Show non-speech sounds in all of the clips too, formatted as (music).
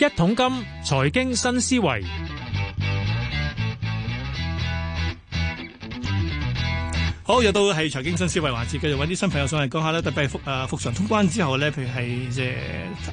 一桶金財經新思維，好又到係財經新思維環節，繼續揾啲新朋友上嚟講下啦。特別係復誒復常通關之後咧，譬如係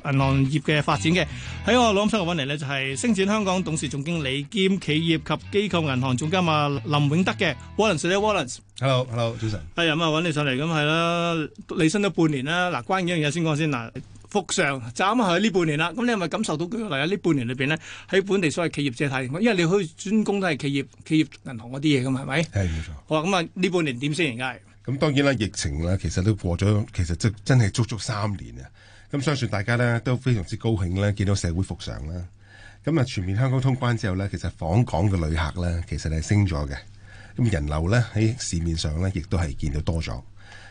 誒銀行業嘅發展嘅，喺我攞啱手揾嚟咧就係星展香港董事總經理兼企業及機構銀行總監啊林永德嘅。Wallace 咧，Wallace，hello，hello，早晨，係咁啊，揾你上嚟咁係啦，你新咗半年啦，嗱，關於呢樣嘢先講先嗱。復常，就啱喺呢半年啦。咁你係咪感受到佢嚟啊？呢半年裏邊咧，喺本地所謂企業借貸，因為你可以專攻都係企業、企業銀行嗰啲嘢噶嘛，係咪？係冇錯。錯好啊，咁啊，呢半年點先？而家咁當然啦，疫情啦，其實都過咗，其實真真係足足三年啊。咁、嗯、相信大家咧都非常之高興咧，見到社會復常啦。咁、嗯、啊，全面香港通關之後咧，其實訪港嘅旅客咧，其實係升咗嘅。咁、嗯、人流咧喺市面上咧，亦都係見到多咗。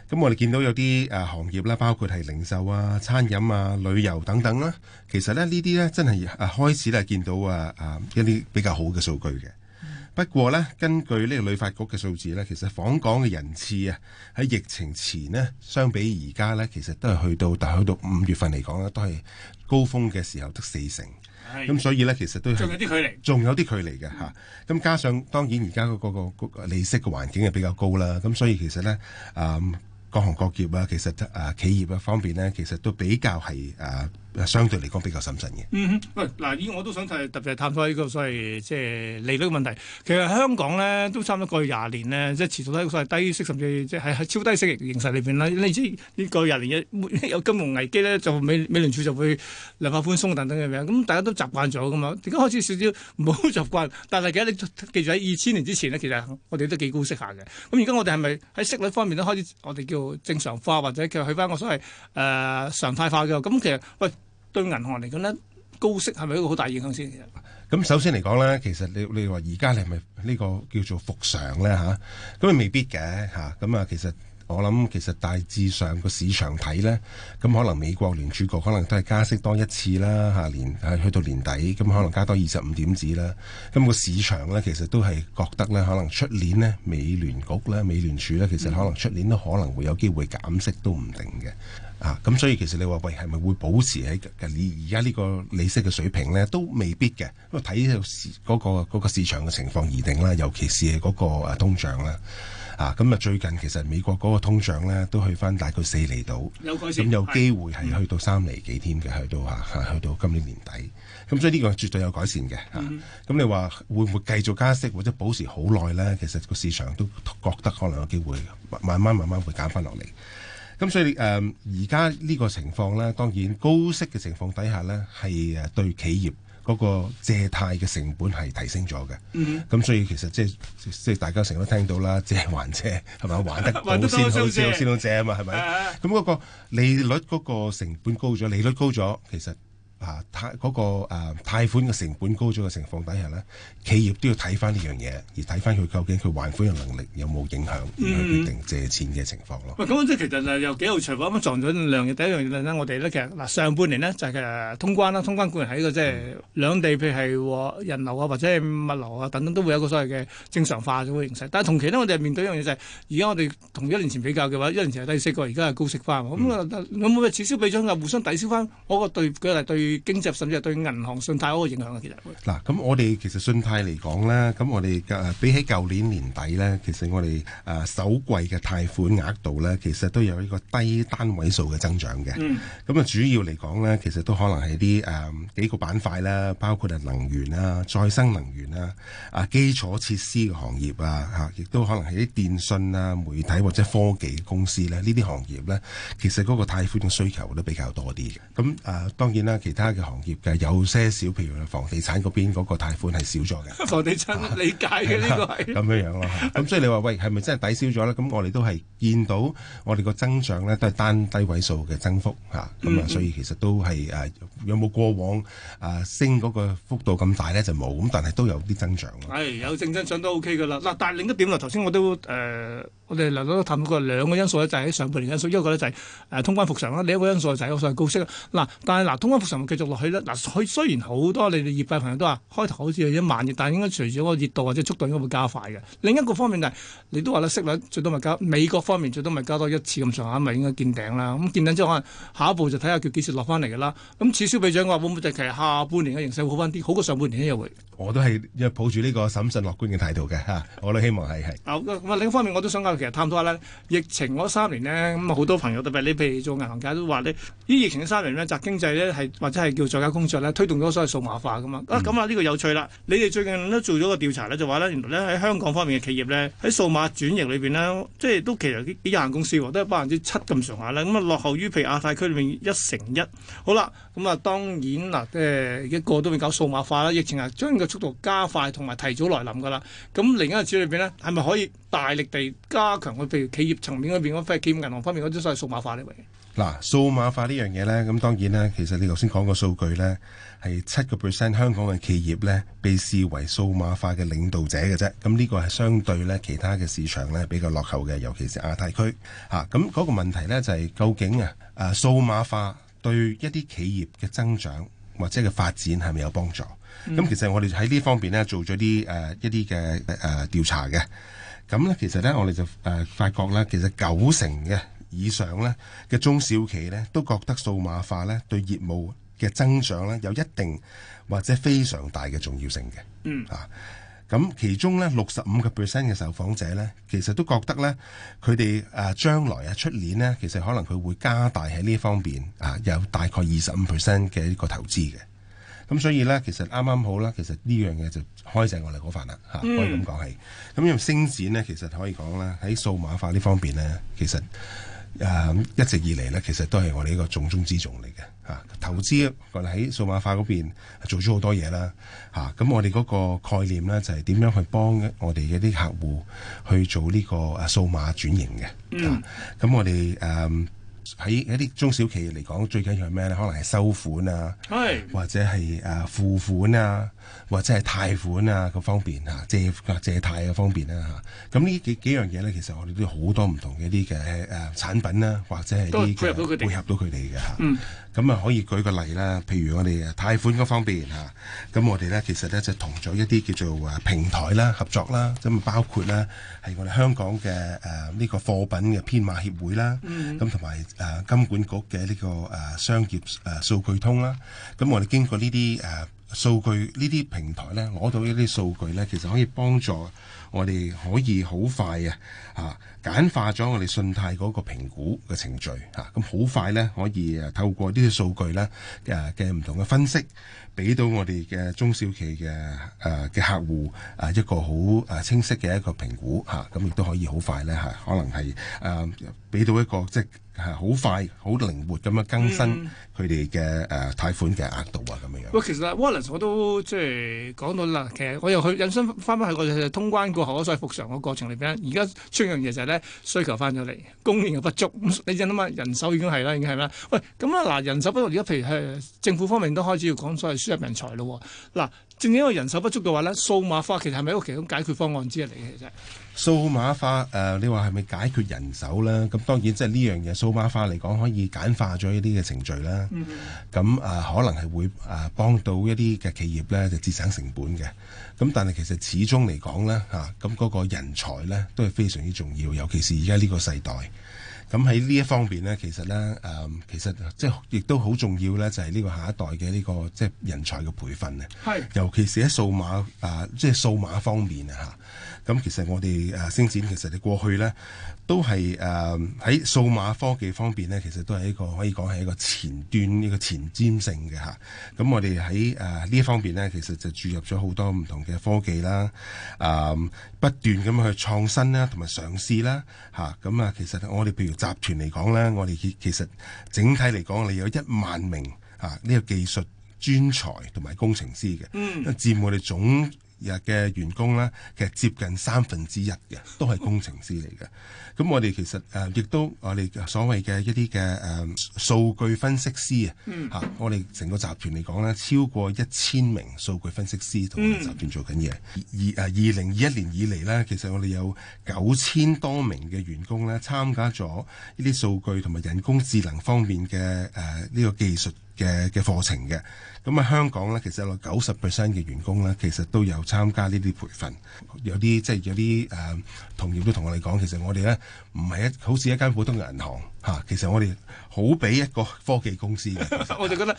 咁、嗯、我哋見到有啲誒、呃、行業啦，包括係零售啊、餐飲啊、旅遊等等啦、啊。其實咧，呢啲咧真係誒、呃、開始咧見到啊啊一啲比較好嘅數據嘅。嗯、不過咧，根據呢個旅發局嘅數字咧，其實訪港嘅人次啊，喺疫情前呢，相比而家咧，其實都係去到大約去到五月份嚟講咧，都係高峰嘅時候得四成。咁、嗯嗯、所以咧，其實都仲有啲距離，仲有啲距離嘅嚇。咁、嗯嗯嗯、加上當然而家嗰個個利息嘅環境係比較高啦。咁所以其實咧啊～、嗯嗯各行各業啊，其實啊企業啊方面呢，其實都比較係啊。相對嚟講比較審慎嘅。嗯哼，喂，嗱，依我都想睇，特別係探索呢個所謂即係利率問題。其實香港咧都差唔多過去廿年呢，即係持續都係個所謂低息甚至即係係超低息嘅形勢裏邊啦。你知呢個廿年有金融危機咧，就美美聯儲就會量化寬鬆等等嘅樣。咁大家都習慣咗咁嘛？而家開始少少唔好習慣。但係而家你記住喺二千年之前呢，其實我哋都幾高息下嘅。咁而家我哋係咪喺息率方面都開始我哋叫正常化，或者叫去翻個所謂誒、呃、常態化嘅？咁其實喂。對銀行嚟講呢，高息係咪一個好大影響先？咁首先嚟講呢，其實你你話而家你係咪呢個叫做復常呢？嚇、啊？咁未必嘅嚇。咁啊，其實我諗其實大致上個市場睇呢，咁可能美國聯儲局可能都係加息多一次啦嚇，年、啊、去到年底咁可能加多二十五點子啦。咁、個市場呢，其實都係覺得呢，可能出年呢，美聯局呢，美聯儲呢，其實可能出年都可能會有機會減息都唔定嘅。啊，咁所以其實你話喂，係咪會保持喺而而家呢個利息嘅水平咧，都未必嘅，因為睇嗰個嗰個市場嘅情況而定啦。尤其是係嗰個啊通脹啦，啊咁啊最近其實美國嗰個通脹咧都去翻大概四厘度，有改善咁、嗯、有機會係去到三厘幾添嘅，嗯、去到啊啊，去到今年年底。咁、嗯嗯啊、所以呢個絕對有改善嘅嚇。咁你話會唔會繼續加息或者保持好耐咧？其實個市場都覺得可能有機會慢慢慢慢會減翻落嚟。咁所以誒，而家呢個情況咧，當然高息嘅情況底下咧，係誒對企業嗰個借貸嘅成本係提升咗嘅。咁所以其實即係即係大家成日都聽到啦，借還借係咪啊？還得到先好先好借啊嘛，係咪？咁嗰個利率嗰個成本高咗，利率高咗，其實。啊，那個、啊，貸嗰個誒貸款嘅成本高咗嘅情況底下呢，企業都要睇翻呢樣嘢，而睇翻佢究竟佢還款嘅能力有冇影響，決定借錢嘅情況咯。咁、嗯嗯、即係其實誒又幾好彩，我啱撞咗兩樣，第一樣嘢咧，我哋咧其實嗱、嗯、上半年呢，就係通關啦，通關固然係一個即係、就是、兩地，譬如係人流啊或者係物流啊等等都會有一個所謂嘅正常化嘅形式。但係同期呢，我哋面對一樣嘢就係，而家我哋同一年前比較嘅話，一年前係低息，而家係高息翻。咁、嗯、啊，咁冇咪此消彼長，互相互抵消翻嗰個對，佢係對。對經濟甚至係對銀行信貸嗰個影響啊，其實嗱，咁我哋其實信貸嚟講咧，咁我哋誒比起舊年年底咧，其實我哋誒首季嘅貸款額度咧，其實都有一個低單位數嘅增長嘅。嗯，咁啊，主要嚟講咧，其實都可能係啲誒幾個板塊啦，包括係能源啊、再生能源啊、啊基礎設施嘅行業啊，吓，亦都可能係啲電信啊、媒體或者科技公司咧，呢啲行業咧，其實嗰個貸款嘅需求都比較多啲。咁誒，當然啦，其其他嘅行業嘅有些少，譬如房地產嗰邊嗰個貸款係少咗嘅。房地產 (laughs) 理解嘅呢個係咁樣樣咯。咁所以你話喂，係咪真係抵消咗咧？咁 (laughs) 我哋都係見到我哋個增長呢，都係單低位數嘅增幅嚇。咁、嗯、啊，所以其實都係誒、啊、有冇過往誒、啊、升嗰個幅度咁大呢？就冇。咁但係都有啲增長。係、哎、有正增長都 O K 㗎啦。嗱，但係另一點啦，頭先我都誒、呃、我哋嚟到都談過兩個因素咧，就喺、是、上半年因素，一個咧就係通關復常啦，另一個，個因素就係我所高息嗱，但係嗱通關復常繼續落去啦。嗱，佢雖然好多你哋業界朋友都話開頭好似有啲慢熱，但係應該隨住嗰個熱度或者速度應該會加快嘅。另一個方面就係你都話啦，息率最多咪加美國方面最多咪加多一次咁上下，咪應該見頂啦。咁見頂之後可能下一步就睇下佢幾時落翻嚟嘅啦。咁此消彼長嘅話，會唔會就其實下半年嘅形勢會好翻啲，好過上半年咧又會？我都係抱住呢個審慎樂觀嘅態度嘅嚇，我都希望係係。咁另一方面我都想啊，其實探討下呢疫情嗰三年呢。咁好多朋友特別你譬如做銀行家都話呢，依疫情三年呢，宅經濟呢，係或者係叫做在家工作呢，推動咗所謂數碼化噶嘛。嗯、啊咁啊呢個有趣啦，你哋最近都做咗個調查呢，就話呢，原來呢，喺香港方面嘅企業呢，喺數碼轉型裏邊呢，即係都其實幾有限公司喎、啊，都係百分之七咁上下啦。咁啊落後於譬如亞太區裏面一成一。好啦，咁、嗯、啊當然即誒、呃、一個都會搞數碼化啦，疫情啊將速度加快同埋提早來臨㗎喇，咁另一個字裏邊呢，係咪可以大力地加強佢？譬如企業層面嗰邊嗰，或者企業銀行方面嗰啲所謂數碼化呢？位嗱數碼化呢樣嘢呢，咁當然呢，其實你頭先講個數據呢係七個 percent 香港嘅企業呢，被視為數碼化嘅領導者嘅啫。咁呢個係相對呢，其他嘅市場呢，比較落後嘅，尤其是亞太區吓。咁、啊、嗰個問題呢就係、是、究竟啊啊數碼化對一啲企業嘅增長或者嘅發展係咪有幫助？咁、嗯、其實我哋喺呢方面咧做咗啲誒一啲嘅誒調查嘅，咁咧其實咧我哋就誒、呃、發覺咧，其實九成嘅以上咧嘅中小企咧都覺得數碼化咧對業務嘅增長咧有一定或者非常大嘅重要性嘅。嗯啊，咁其中咧六十五個 percent 嘅受訪者咧，其實都覺得咧佢哋誒將來啊出年咧，其實可能佢會加大喺呢方面啊，有大概二十五 percent 嘅一個投資嘅。咁所以咧，其實啱啱好啦，其實呢樣嘢就開正我哋嗰份啦，嚇、嗯啊、可以咁講係。咁、嗯、因為星展咧，其實可以講啦，喺數碼化呢方面咧，其實誒、呃、一直以嚟咧，其實都係我哋一個重中之重嚟嘅嚇。投資、啊嗯、我哋喺數碼化嗰邊做咗好多嘢啦嚇。咁我哋嗰個概念咧，就係、是、點樣去幫我哋嘅啲客戶去做呢、這個數碼轉型嘅。咁、啊嗯嗯、我哋誒。嗯喺一啲中小企業嚟講，最緊要係咩咧？可能係收款啊，Yes. 或者係誒、呃、付款啊。或者係貸款啊個方面嚇，借借貸嘅方面咧嚇，咁呢幾幾樣嘢咧，其實我哋都有好多唔同嘅啲嘅誒產品啦，或者係配合到佢哋嘅嚇。咁啊，嗯、可以舉個例啦，譬如我哋嘅貸款嗰方面嚇，咁我哋咧其實咧就同咗一啲叫做啊平台啦合作啦，咁包括咧係我哋香港嘅誒呢個貨品嘅編碼協會啦，咁同埋誒金管局嘅呢、呢個誒、呃、商業誒、呃、數據通啦，咁、啊、我哋經過呢啲誒。呃數據呢啲平台呢，攞到呢啲數據呢，其實可以幫助我哋可以好快啊，啊簡化咗我哋信貸嗰個評估嘅程序嚇，咁、啊、好快呢，可以誒透過呢啲數據呢誒嘅唔同嘅分析，俾到我哋嘅中小企嘅誒嘅客戶啊一個好誒清晰嘅一個評估嚇，咁亦都可以好快呢，嚇、啊，可能係誒。啊俾到一個即係好快、好靈活咁樣更新佢哋嘅誒貸款嘅額度啊咁樣樣。喂，其實 Wallace 我都即係講到啦，其實我又去引申翻翻去我哋嘅通關過後，我再復常個過程裏邊。而家出樣嘢就係咧，需求翻咗嚟，供應又不足。咁你諗下，人手已經係啦，已經係啦。喂，咁啦，嗱，人手不足，而家譬如係政府方面都開始要講所謂輸入人才咯。嗱，正因為人手不足嘅話咧，數碼化其實係咪一個其中解決方案之一嚟嘅其實？數碼化誒、呃，你話係咪解決人手呢？咁當然即係呢樣嘢數碼化嚟講，可以簡化咗一啲嘅程序啦。咁啊、mm hmm. 呃，可能係會啊、呃，幫到一啲嘅企業呢，就節省成本嘅。咁但係其實始終嚟講呢吓，咁、啊、嗰個人才呢，都係非常之重要，尤其是而家呢個世代。咁喺呢一方面咧，其實咧誒、嗯、其實即係亦都好重要咧，就係、是、呢個下一代嘅呢、這個即係人才嘅培訓啊。係是尤其是喺數碼啊，即係數碼方面啊吓，咁其實我哋誒、啊、星展其實你過去咧都係誒喺數碼科技方面咧，其實都係一個可以講係一個前端呢個前瞻性嘅吓，咁、啊、我哋喺誒呢一方面咧，其實就注入咗好多唔同嘅科技啦，誒、啊嗯、不斷咁去創新啦，同埋嘗試啦吓，咁啊，啊，其實我哋譬如。集團嚟講咧，我哋其其實整體嚟講，我哋有一萬名啊呢個技術專才同埋工程師嘅，因為、嗯、佔我哋總日嘅員工咧，其實接近三分之一嘅都係工程師嚟嘅。咁我哋其實誒亦、呃、都我哋所謂嘅一啲嘅誒數據分析師、嗯、啊，嚇！我哋成個集團嚟講咧，超過一千名數據分析師同我哋集團做緊嘢。二誒二零二一年以嚟咧，其實我哋有九千多名嘅員工咧參加咗呢啲數據同埋人工智能方面嘅誒呢個技術。嘅嘅課程嘅，咁喺香港呢，其實有九十 percent 嘅員工呢，其實都有參加呢啲培訓，有啲即係有啲誒、呃，同業都同我哋講，其實我哋呢唔係一，好似一間普通嘅銀行嚇、啊，其實我哋好比一個科技公司嘅，其實 (laughs) 我就覺得。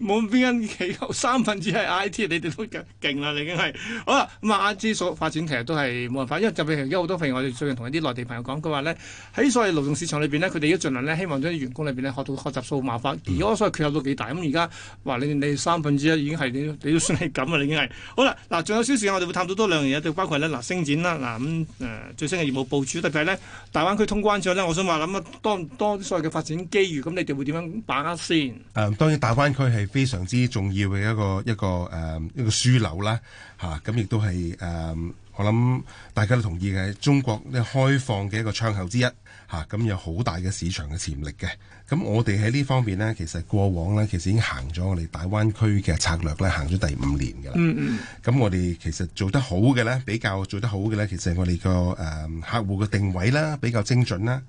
冇邊間企業三分之一係 I T，你哋都勁勁啦，你已經係好啦。咁啊，I T 所發展其實都係冇辦法，因為就譬如而家好多譬如我哋最近同一啲內地朋友講，佢話咧喺所謂勞動市場裏邊咧，佢哋都盡量咧希望將啲員工裏邊咧學到學習數碼法。如果所係缺口到幾大。咁而家話你你三分之一已經係你都算係咁啦，你已經係好啦。嗱，仲有少少時間我哋會探到多兩樣嘢，就包括咧嗱星展啦，嗱咁誒最新嘅業務部署，特別咧大灣區通關之後咧，我想話諗啊，當當所謂嘅發展機遇，咁你哋會點樣把握先？誒、啊，當然大灣區係。非常之重要嘅一個一個誒、呃、一個樞紐啦嚇，咁亦都係誒我諗大家都同意嘅，中國咧開放嘅一個窗口之一嚇，咁、啊、有好大嘅市場嘅潛力嘅。咁我哋喺呢方面呢，其實過往呢，其實已經行咗我哋大灣區嘅策略咧，行咗第五年嘅。嗯嗯。咁我哋其實做得好嘅呢，比較做得好嘅呢，其實我哋個誒客戶嘅定位啦比較精準啦，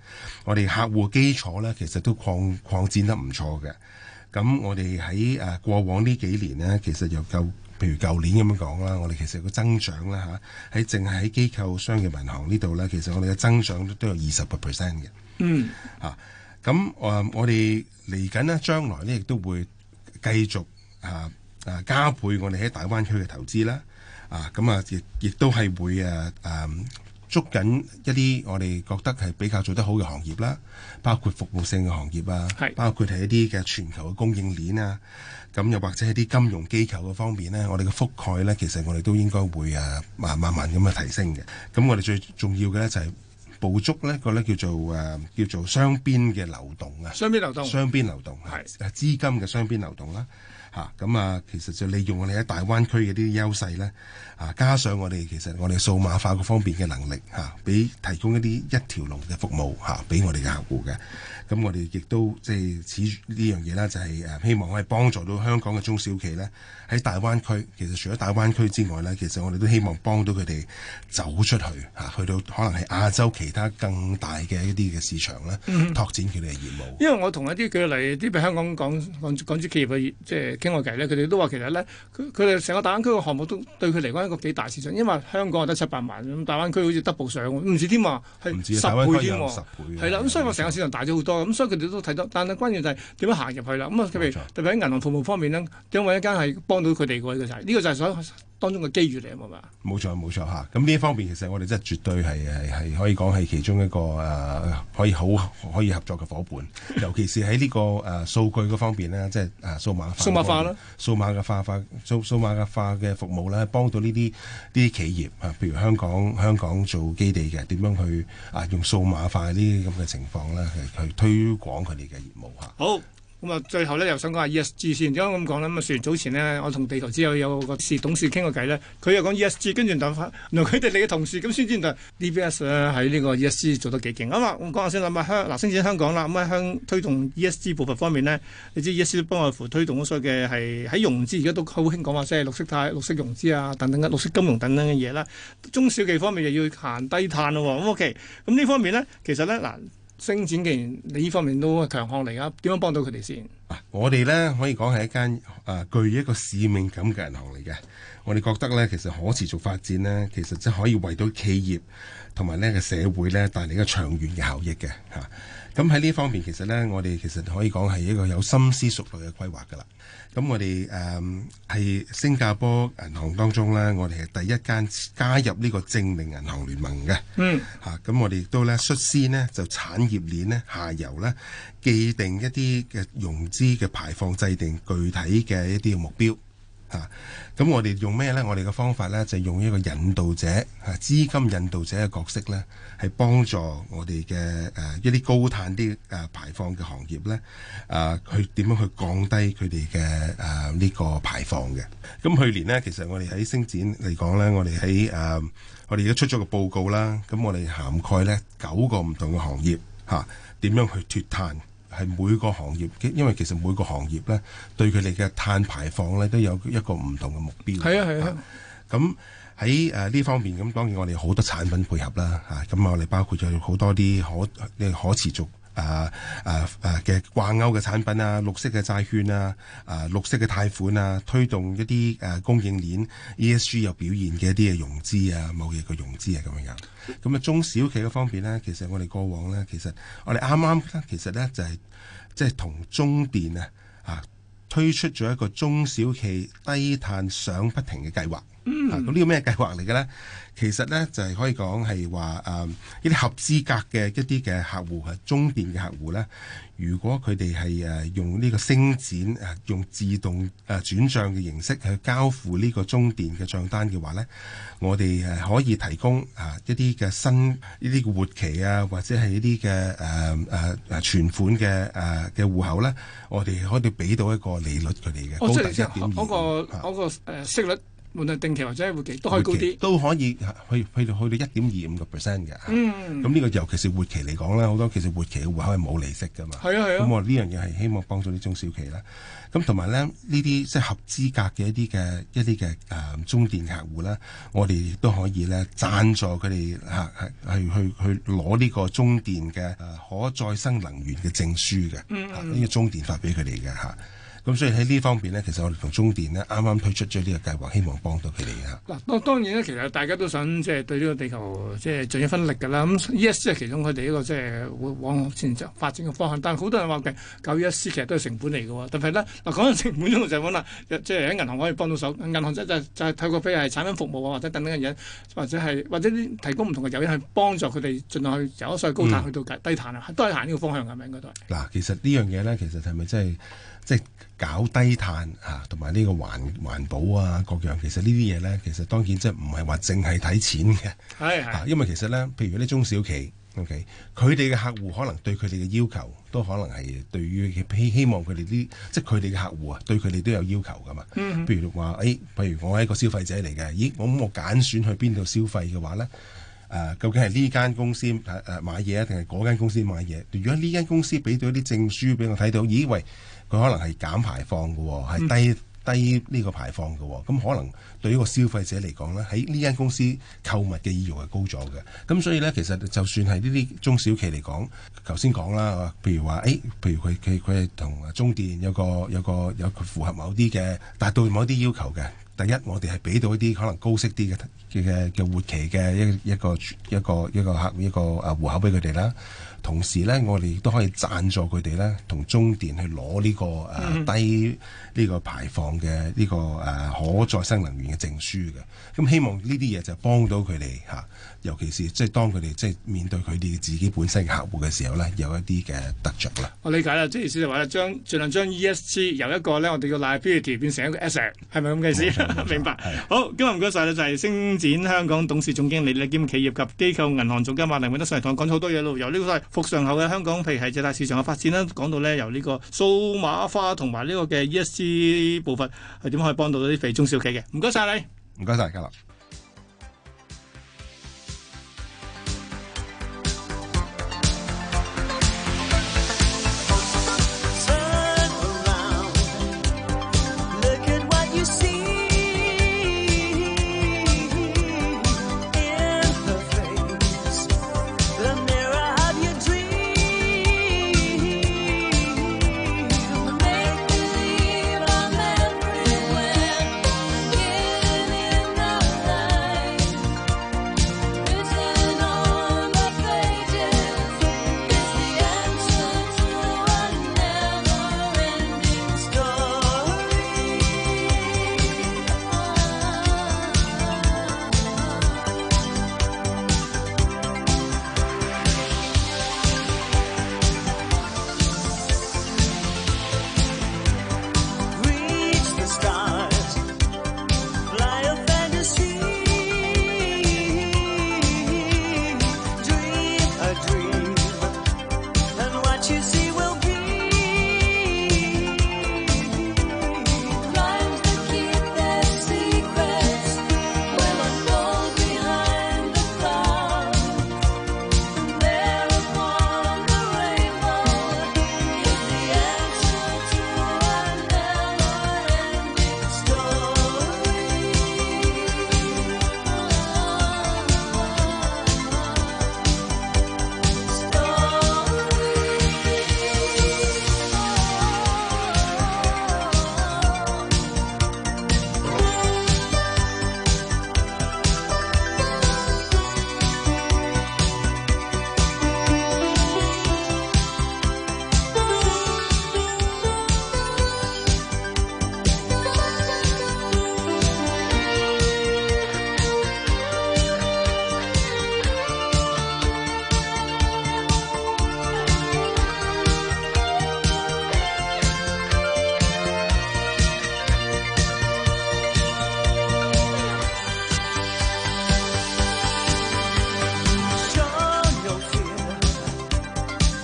我哋客戶基礎呢，其實都擴擴展得唔錯嘅。咁我哋喺誒過往呢幾年呢，其實又夠，譬如舊年咁樣講啦，我哋其實有個增長啦嚇，喺淨係機構商業銀行呢度咧，其實我哋嘅增長都有二十個 percent 嘅。嗯，嚇、啊，咁誒、啊，我哋嚟緊咧，將來呢，亦都會繼續啊啊加倍我哋喺大灣區嘅投資啦，啊咁啊，亦、啊、亦都係會誒誒。啊啊捉緊一啲我哋覺得係比較做得好嘅行業啦，包括服務性嘅行業啊，包括係一啲嘅全球嘅供應鏈啊，咁又或者係啲金融機構嘅方面咧，我哋嘅覆蓋咧，其實我哋都應該會誒慢慢慢咁樣提升嘅。咁我哋最重要嘅咧就係捕捉呢個咧叫做誒叫做雙邊嘅流動啊，雙邊流動，雙邊流動係資金嘅雙邊流動啦。嚇，咁啊，其實就利用我哋喺大灣區嘅啲優勢咧，啊加上我哋其實我哋數碼化嗰方面嘅能力嚇，俾提供一啲一條龍嘅服務嚇，俾我哋嘅客戶嘅。咁我哋亦都即係此呢樣嘢啦，就係誒希望可以幫助到香港嘅中小企咧喺大灣區。其實除咗大灣區之外咧，其實我哋都希望幫到佢哋走出去嚇，去、啊、到、啊啊嗯嗯就是、可能係亞洲其他更大嘅一啲嘅市場咧，拓展佢哋嘅業務。因為我同一啲舉例，啲香港港港港資企業嘅即係。就是傾我偈咧，佢哋都話其實咧，佢哋成個大灣區嘅項目都對佢嚟講一個幾大市場，因為香港得七百萬，咁大灣區好似 double 上喎，唔止添啊，係十倍添喎，係啦，咁、嗯、所以我成個市場大咗好多咁、嗯，所以佢哋都睇到，但係關鍵就係點樣行入去啦。咁、嗯、啊，譬如，冇錯，特別喺銀行服務方面呢，因為一間係幫到佢哋嗰啲嘅就係呢個就係、係、想。呢個就係當中嘅機遇嚟啊嘛，冇錯冇錯嚇。咁呢一方面，其實我哋真係絕對係係係可以講係其中一個誒、呃，可以好可以合作嘅伙伴。 (laughs) 尤其是喺呢、這個誒、呃、數據嘅方面咧，即係誒數碼數碼化咯，數碼嘅化化數數碼嘅化嘅服務咧，幫到呢啲啲企業啊，譬如香港香港做基地嘅，點樣去啊用數碼化呢啲咁嘅情況咧，去去推廣佢哋嘅業務啊。嗯、好。咁啊，最後咧又想講下 E S G 先，點解咁講啦。咁啊，說完早前呢，我同地圖之後有個事董事傾過偈咧，佢又講 E S G，跟住諗翻，原來佢哋你嘅同事咁先知道、啊，原來 D B S 咧喺呢個 E S G 做得幾勁。咁嘛？我講下先啦。諗下，香嗱，先至香港啦。咁啊，向推動 E S G 部分方面呢，你知 E S G 幫外乎推動咗所嘅係喺融資，而家都好興講話即係綠色貸、綠色融資啊等等嘅綠色金融等等嘅嘢啦。中小企方面又要行低碳咯、哦。咁 OK，咁呢方面呢，其實呢。嗱。星展，既然你呢方面都強項嚟啊，點樣幫到佢哋先？啊，我哋呢可以講係一間啊具一個使命感嘅銀行嚟嘅。我哋覺得呢，其實可持續發展呢，其實即係可以為到企業同埋呢個社會呢帶嚟一個長遠嘅效益嘅嚇。咁喺呢方面，其實呢，我哋其實可以講係一個有深思熟慮嘅規劃㗎喇。咁我哋誒係新加坡銀行當中咧，我哋係第一間加入呢個證明銀行聯盟嘅。嗯，吓、啊，咁我哋亦都咧率先咧就產業鏈咧下游咧，既定一啲嘅融資嘅排放制定具體嘅一啲嘅目標。啊！咁我哋用咩咧？我哋嘅方法咧就是、用一個引導者啊，資金引導者嘅角色咧，係幫助我哋嘅誒一啲高碳啲誒、啊、排放嘅行業咧啊，去點樣去降低佢哋嘅誒呢個排放嘅。咁、啊、去年呢，其實我哋喺星展嚟講咧，我哋喺誒我哋而家出咗個報告啦。咁、啊、我哋涵蓋咧九個唔同嘅行業嚇，點、啊、樣去脱碳？係每個行業嘅，因為其實每個行業咧，對佢哋嘅碳排放咧，都有一個唔同嘅目標。係啊係啊，咁喺誒呢方面，咁當然我哋好多產品配合啦，嚇、啊，咁我哋包括咗好多啲可可持續。誒誒誒嘅掛鈎嘅產品啊，綠色嘅債券啊，誒、呃、綠色嘅貸款啊，推動一啲誒、呃、供應鏈 ESG 有表現嘅一啲嘅融資啊，貿易嘅融資啊咁樣樣。咁啊中小企嘅方面呢，其實我哋過往呢，其實我哋啱啱其實呢就係即係同中電啊啊推出咗一個中小企低碳上不停嘅計劃。嗯，咁、啊、呢個咩計劃嚟嘅咧？其實咧就係、是、可以講係話誒呢啲合資格嘅一啲嘅客戶，中電嘅客戶咧，如果佢哋係誒用呢個星展誒用自動誒轉賬嘅形式去交付呢個中電嘅賬單嘅話咧，我哋誒可以提供啊一啲嘅新呢啲活期啊或者係一啲嘅誒誒誒存款嘅誒嘅戶口咧，我哋可以俾到一個利率佢哋嘅高達一點二， 2. 那個、那個誒息率。啊啊啊無論定期或者活期都可以高啲，都可以去去，去到去到一點二五個 percent 嘅。咁呢、嗯啊呢個尤其是活期嚟講咧，好多其實活期嘅戶口係冇利息嘅嘛。係啊係啊。咁、啊啊、我呢樣嘢係希望幫助啲中小企啦。咁同埋咧，呢啲即係合資格嘅一啲嘅一啲嘅誒中電客戶咧，我哋都可以咧贊助佢哋嚇係去去攞呢個中電嘅、啊、可再生能源嘅證書嘅。呢、嗯啊呢個中電發俾佢哋嘅嚇。啊咁所以喺呢方面呢，其實我哋同中電呢啱啱推出咗呢個計劃，希望幫到佢哋嚇。嗱，當當然呢，其實大家都想即係、就是、對呢個地球即係盡一分力㗎啦。咁、嗯、ESG 係其中佢哋呢個即係會往前就發展嘅方向，但係好多人話嘅搞 ESG 其實都係成本嚟㗎喎。但係咧，講緊成本中就講啦，即係喺銀行可以幫到手，銀行真就係透過譬如係產品服務啊，或者等等嘅嘢，或者係或者提供唔同嘅友人去幫助佢哋，儘量去由所謂高碳去到低低碳、嗯、都係行呢個方向㗎，應該都係。嗱，其實呢樣嘢呢，其實係咪真係即？就是搞低碳嚇，同埋呢個環環保啊，各樣其實呢啲嘢呢，其實當然即係唔係話淨係睇錢嘅，嚇是是、啊，因為其實呢，譬如啲中小企，OK，佢哋嘅客戶可能對佢哋嘅要求都可能係對於希望佢哋啲，即係佢哋嘅客戶啊，對佢哋都有要求噶嘛。嗯、譬如話，誒、哎，譬如我係一個消費者嚟嘅，咦，我咁我揀選去邊度消費嘅話呢？誒、啊，究竟係呢間公司誒買嘢定係嗰間公司買嘢？如果呢間公司俾到啲證書俾我睇到，咦，喂！佢可能係減排放嘅、哦，係低低呢個排放嘅、哦，咁、嗯嗯、可能對於個消費者嚟講咧，喺呢間公司購物嘅意欲係高咗嘅。咁所以咧，其實就算係呢啲中小企嚟講，頭先講啦，譬如話，誒、哎，譬如佢佢佢係同中電有個有個有個有個符合某啲嘅，達到某啲要求嘅。第一，我哋係俾到一啲可能高息啲嘅嘅嘅活期嘅一一個一個一個客一個誒戶口俾佢哋啦。同時咧，我哋亦都可以贊助佢哋咧，同中電去攞呢、這個誒、呃嗯、哼低呢、這個排放嘅呢、這個誒、呃、可再生能源嘅證書嘅。咁、嗯、希望呢啲嘢就幫到佢哋嚇，尤其是即係當佢哋即係面對佢哋自己本身嘅客戶嘅時候咧，有一啲嘅得著啦。我理解啦，即係意思就係話將盡量將 ESG 由一個咧，我哋叫 liability 變成一個 asset，係咪咁嘅意思？ (laughs) (laughs) 明白。 (laughs) 的好，今日唔該晒啦，就係、是、星展香港董事總經理兼企業及機構銀行總監馬林永德，成同我，我講咗好多嘢咯，由呢、這個復常後嘅香港，譬如係即係大市場嘅發展啦，講到咧由呢個數碼化同埋呢個嘅 ESG 步伐，係點可以幫到啲肥中小企嘅？唔該晒你，唔該晒。嘉樂。